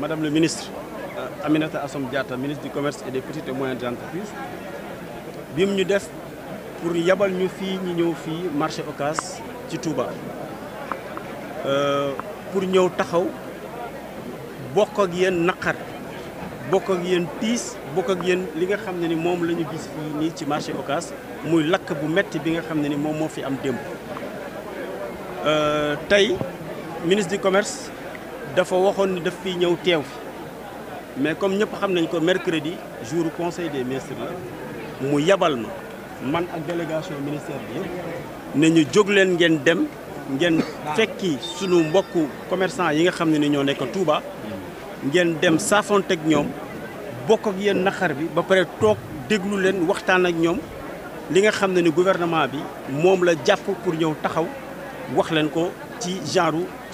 madame le ministre euh, Aminata ministre du commerce et des petites et moyennes entreprises Ce ñu def pour yabal ñu fi, nous fi marché au ci Touba euh, pour taxaw bokk ak Nakar, bokk ak pisse, bokk ak ni marché au muy bu metti bi nga le euh, ministre du commerce dafa daf mais comme nous xam nañ mercredi jour conseil des ministres mu yabal ma man ak délégation ministère bi avons ñu ngeen dem ngeen fekki suñu mbokku commerçants yi nga xam ni Touba ngeen dem safonté ak ñom bokk ak yeen naxar bi ba tok déglu leen waxtaan ak ñom li nga gouvernement bi la pour ñew taxaw wax ko ci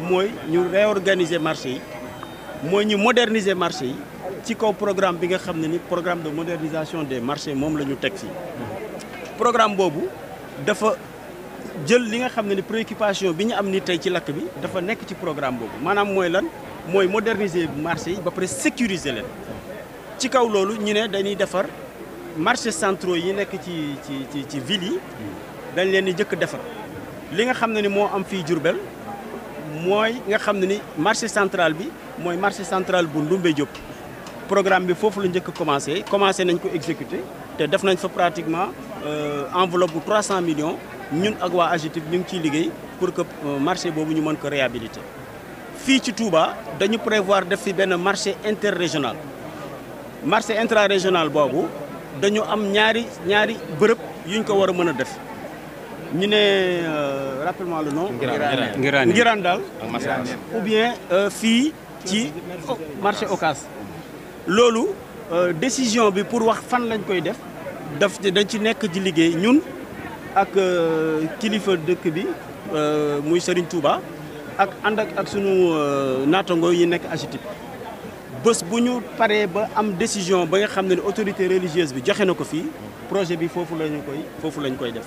mooy ñu réorganiser marché yi mooy ñu moderniser marché yi ci kaw programme bi nga xam ne programme de modernisation des marchés moom la ñu teg programme boobu dafa jël li nga xam préoccupation bi ñu am ni tey ci lakk bi dafa nekk ci programme boobu maanaam mooy lan mooy moderniser marché yi ba pare sécuriser leen ci kaw loolu ñu ne dañuy defar marché central, yi nekk ci ci ci ci ville yi dañ leen di njëkk defar li nga xam ne am fii Diourbel moy nga xamni ni marché central bi moy marché central bu ndumbe djop programme bi fofu la ñëk commencé commencé nañ ko exécuter té def nañ fa pratiquement euh, enveloppe bu 300 millions ñun ak wa AGETIP ñu ngi liggéey pour que euh, marché bobu ñu mën ko réhabiliter fi ci Touba dañu prévoir def fi ben marché interrégional marché intra-régional bobu, dañu am ñaari ñaari bërëb yuñ ko wara mëna def ñu ne euh, rappelle-moi le nom. Girandal Ngiraan daal. ou bien qui euh, ci marché Ocass. loolu euh, décision bi pour wax fan lañ koy def daf dañ ci nekk ci ligue, ñun ak kilifa dëkk bi muy Serigne Touba ak Andak ak ak sunu naatango yi nekk AGETIP. bés ba am décision ba nga xam autorité religieuse bi joxe na ko projet bi foofu lañu koy foofu lañ koy def.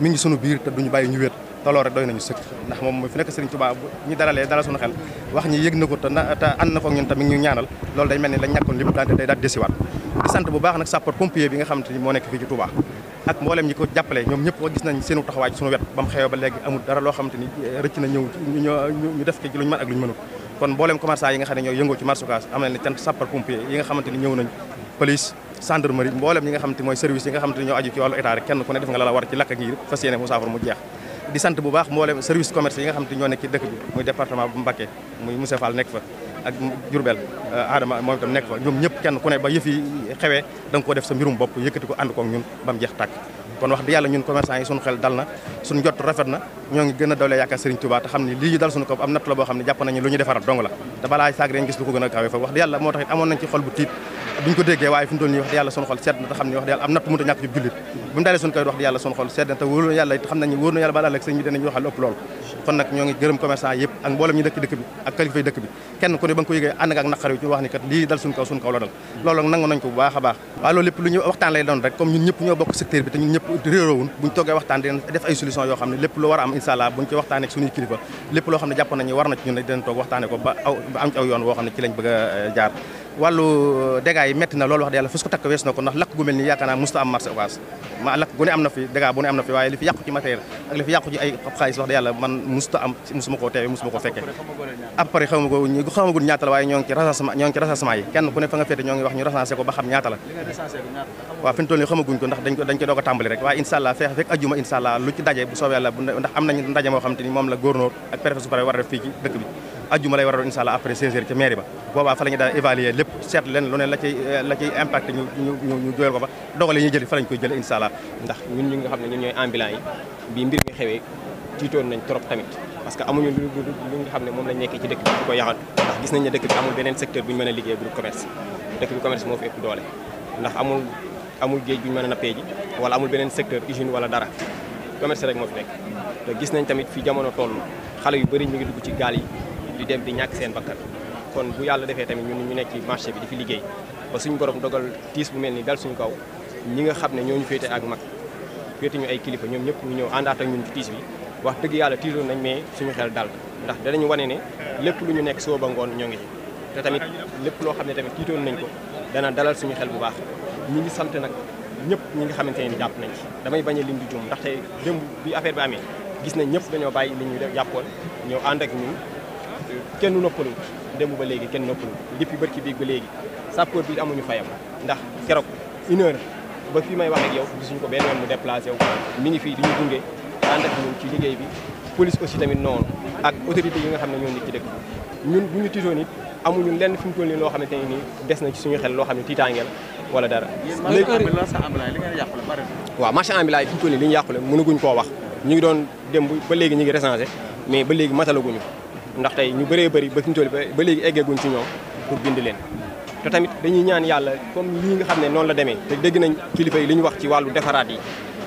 mi ngi sunu biir te duñu bàyyi ñu wéet te loolu rek doy nañu sëkk ndax moom mooy fi nekk Serigne Touba ñi dalalee dalal sunu xel wax ñi yëg na ko te te na ko ñu ñaanal loolu day mel ni lañ ñàkkoon lépp daante day desiwaat sant bu baax nag sapeur pompier bi nga xamante moo nekk fii ci Touba ak mboolem ñi ko jàppale ñoom ñëpp gis nañ seenu taxawaay ci sunu wet ba mu ba léegi amul dara loo xamante ni eh, rëcc na ñëw ñu def ci lu ñu mën ak lu ñu kon mboolem ne ne cant nañ police gendarmerie mboolem ñi nga xam te mooy service yi nga xam te ñoo aju ci wàllu état rek kenn ku ne def nga la war ci lakk ngir fas yéene mu saafara mu jeex di sant bu baax mboolem service commerce yi nga xam te ñoo nekk dëkk bi muy département bu Mbacké muy Moussa nekk fa ak Diourbel euh, Adama moom itam nekk fa ñoom ñëpp kenn ku ne ba yëf xewee da ko def sa mbirum bopp yëkkati ko ànd koog ñun ba mu jeex tàkk kon wax di yàlla ñun commerçant biñ ko déggee waaye fi nii wax di sunu xol sedd na xam ne wax di am natt mënut a ñàkk ci jullit bu mu sunu koy wax di yàlla sunu xol sedd na te wóor na yàlla it xam nañu wóor na yàlla balaa ak sëñ bi danañu waxal ëpp lool kon nag ñoo ngi gërëm commerçant sunu kaw sunu kaw la dal loolu nangu nañ a yoo xam ne lépp lu war a am incha allah buñ ci waxtaanee ak suñuy kilifa lépp loo xam ne jàpp nañu war na ci ñun dinañ toog waxtaane ko a jaar wàllu euh, dégâts yi métti na loolu wax dëgg yàlla fu su ko takk wees na ko ndax lakk gu mel nii yaakaar naa musta am marché occas ma lakk gu ne am na fi dégâts bu ne am na fi waaye li fi yàlla man am musuma ñu a tàmbali rek daje moo xam te moom la góornóor ak préfet pare war a def fii ci dëkk bi ajjuma lay war a doon incha allah après 16 heures ca mairie ba boobaa fa la ñu daal évaluer lépp seet leen lu ne la cay la cay impact ñu ñu ñu joyal ko fa dogale ñuy jëli fa lañ koy jële incha ndax ñun ñi nga xam ne ñun ñooy ambulant yi bi mbir mi xewee tiitoon nañ trop tamit parce que amuñu ñu lu nga xam ne moom lañ nekkee ci dëkk bi di ko yaxantu ndax gis nañ ne dëkk bi amul beneen secteur mën a liggéey bu dul commerce dëkk bi commerce moo fi ëpp doole ndax amul amul géej bi ñu mën a nappee ji wala amul beneen secteur usine wala dara commerce rek moo fi gis nañ tamit fi jamono toll xale yu bëri ñu ngi dugg ci gaal yi di dem di ñàkk seen bakkan kon bu yàlla defee tamit ñun ñu nekk ci bi di liggéey ba suñu borom dogal tiis bu mel ni dal suñu kaw ñi nga xam ne ñooñu féete ak mag féete ñu ay kilifa ñoom ñëpp ñu ñëw àndaat ak ñun ci tiis bi wax dëgg yàlla tiisoon nañ mais suñu xel dal lu ñu nekk soo ba ñoo ngi ci te tamit lépp loo xam ne ko dana dalal suñu xel bu baax ñi ngi ñëpp ñi nga xamante ne jàpp nañ ci damay bañ a lim di juum ndaxte démb bi affaire bi amee ñu jàppoon ñëw ànd ñun kenn noppalu démb ba léegi kenn noppalu depuis bërki biig ba léegi sapeur bi amuñu fayam ndax keroog une heure ba fi may wax ak yow gisuñu ko benn yoon mu déplacé wu mi ni fii di ñu gunge ànd ak ñun ci liggéey bi police aussi tamit noonu ak autorité yi nga xam ne ñoo nit ci dëkk ñun bu ñu tiitoon it amuñu lenn fi mu toll nii loo xam ne nii des na ci suñu xel loo xam ne tiitaangeel wala dara. léegi heure waaw marché ambulant yi fi mu toll nii li ñu yàqule mënaguñ koo wax ñu ngi doon dem ba léegi ñu ngi recensé mais ba léegi matalaguñu ndax tey ñu bëree bëri ba fi ñu ba léegi eggeeguñ ci ñoom pour bind leen te tamit dañuy ñaan yàlla comme lii nga xam ne noonu la demee te dégg nañ kilifa yi li ñu wax ci wàllu defaraat yi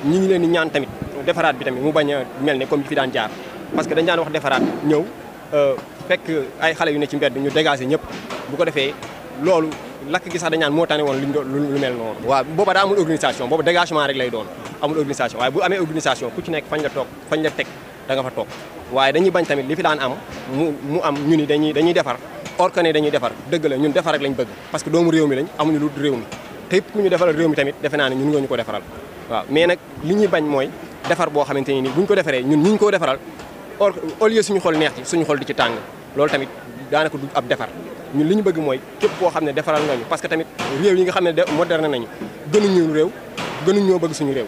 ñi ngi leen di ñaan tamit defaraat bi tamit mu bañ mel ne comme fi daan jaar parce que dañ daan wax defaraat ñëw euh, fekk ay xale yu ne ci mbedd ñu dégager ñëpp bu ko defee loolu lakk gi sax dañaan moo tane woon lu mel noonu waaw booba daa amul organisation booba doon amul organisation waaye amee organisation ku ci nekk fañ la fañ la teg danga nga fa toog waaye dañuy bañ tamit li daan am mu mu am ñu ni dañuy dañuy defar or que dañuy defar dëgg la ñun defar rek lañ bëgg parce que doomu réew mi lañ amuñu lu réew mi te yëpp ku ñu tamit defe naa ne ñun nga ñu ko defaral mais nag li ñuy bañ mooy defar boo xamante ni buñ ko defaree ñun ñu ñu ko defaral or au suñu xol neex ci suñu xol di ci tàng loolu tamit daanaka du ab defar ñun li ñu bëgg mooy képp koo xam ne defaral nga ñu parce que tamit réew yi nga xam ne moderne nañu gënuñu réew ñoo bëgg suñu réew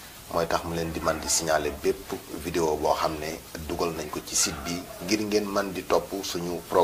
mooy tax mu leen di man di signaler bépp vidéo boo xam ne dugal nañ ko ci site bi ngir ngeen man di topp suñu programme